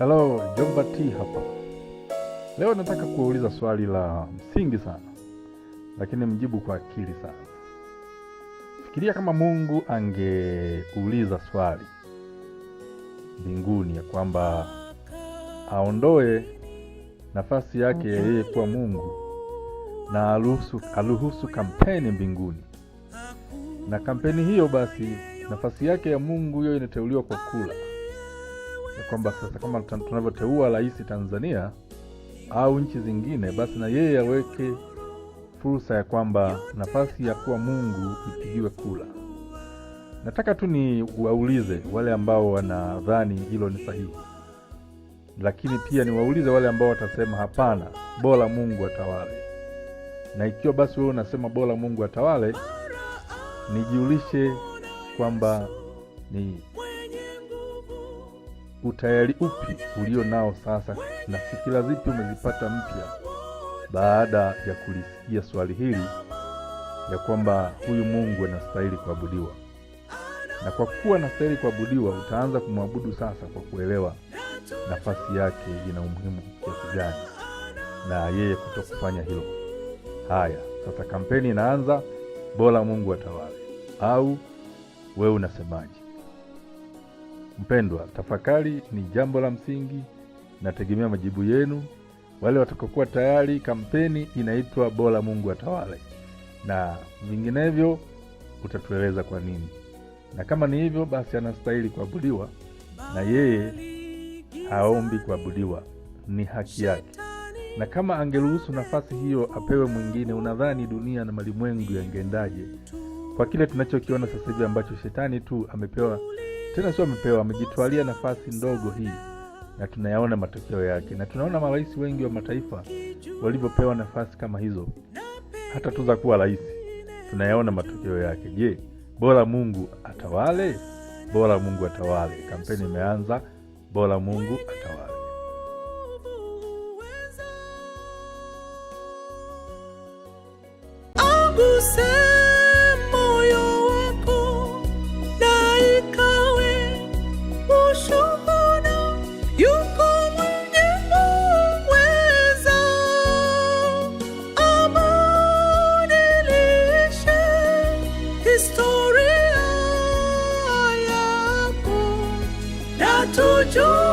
Halo, Jomba T hapa. Leo nataka kuuliza swali la msingi sana, lakini mjibu kwa akili sana. Fikiria kama Mungu angeuliza swali mbinguni ya kwamba aondoe nafasi yake ya yeye kuwa Mungu na aruhusu, aruhusu kampeni mbinguni, na kampeni hiyo basi nafasi yake ya Mungu hiyo inateuliwa kwa kula kwamba sasa kama tunavyoteua rais Tanzania au nchi zingine, basi na yeye aweke fursa ya kwamba nafasi ya kuwa Mungu ipigiwe kula. Nataka tu ni waulize wale ambao wanadhani hilo ni sahihi, lakini pia niwaulize wale ambao watasema hapana, bora Mungu atawale. Na ikiwa basi wewe unasema bora Mungu atawale, nijiulishe kwamba ni utayari upi ulio nao sasa na fikira zipi umezipata mpya baada ya kulisikia swali hili ya kwamba huyu Mungu anastahili kuabudiwa. Na kwa kuwa anastahili kuabudiwa, utaanza kumwabudu sasa kwa kuelewa nafasi yake ina umuhimu kiasi gani na yeye kutokufanya hilo. Haya, sasa kampeni inaanza, bora Mungu atawale, au wewe unasemaje? Mpendwa, tafakari ni jambo la msingi, nategemea majibu yenu. Wale watakokuwa tayari, kampeni inaitwa Bora Mungu Atawale, na vinginevyo utatueleza kwa nini, na kama ni hivyo basi anastahili kuabudiwa, na yeye haombi kuabudiwa, ni haki yake. Na kama angeruhusu nafasi hiyo apewe mwingine, unadhani dunia na malimwengu yangeendaje kwa kile tunachokiona sasa hivi ambacho shetani tu amepewa, tena sio amepewa, amejitwalia nafasi ndogo hii, na tunayaona matokeo yake, na tunaona marais wengi wa mataifa walivyopewa nafasi kama hizo, hata tuza kuwa rais, tunayaona matokeo yake. Je, bora Mungu atawale? Bora Mungu atawale. Kampeni imeanza, bora Mungu atawale. Say Tschüss.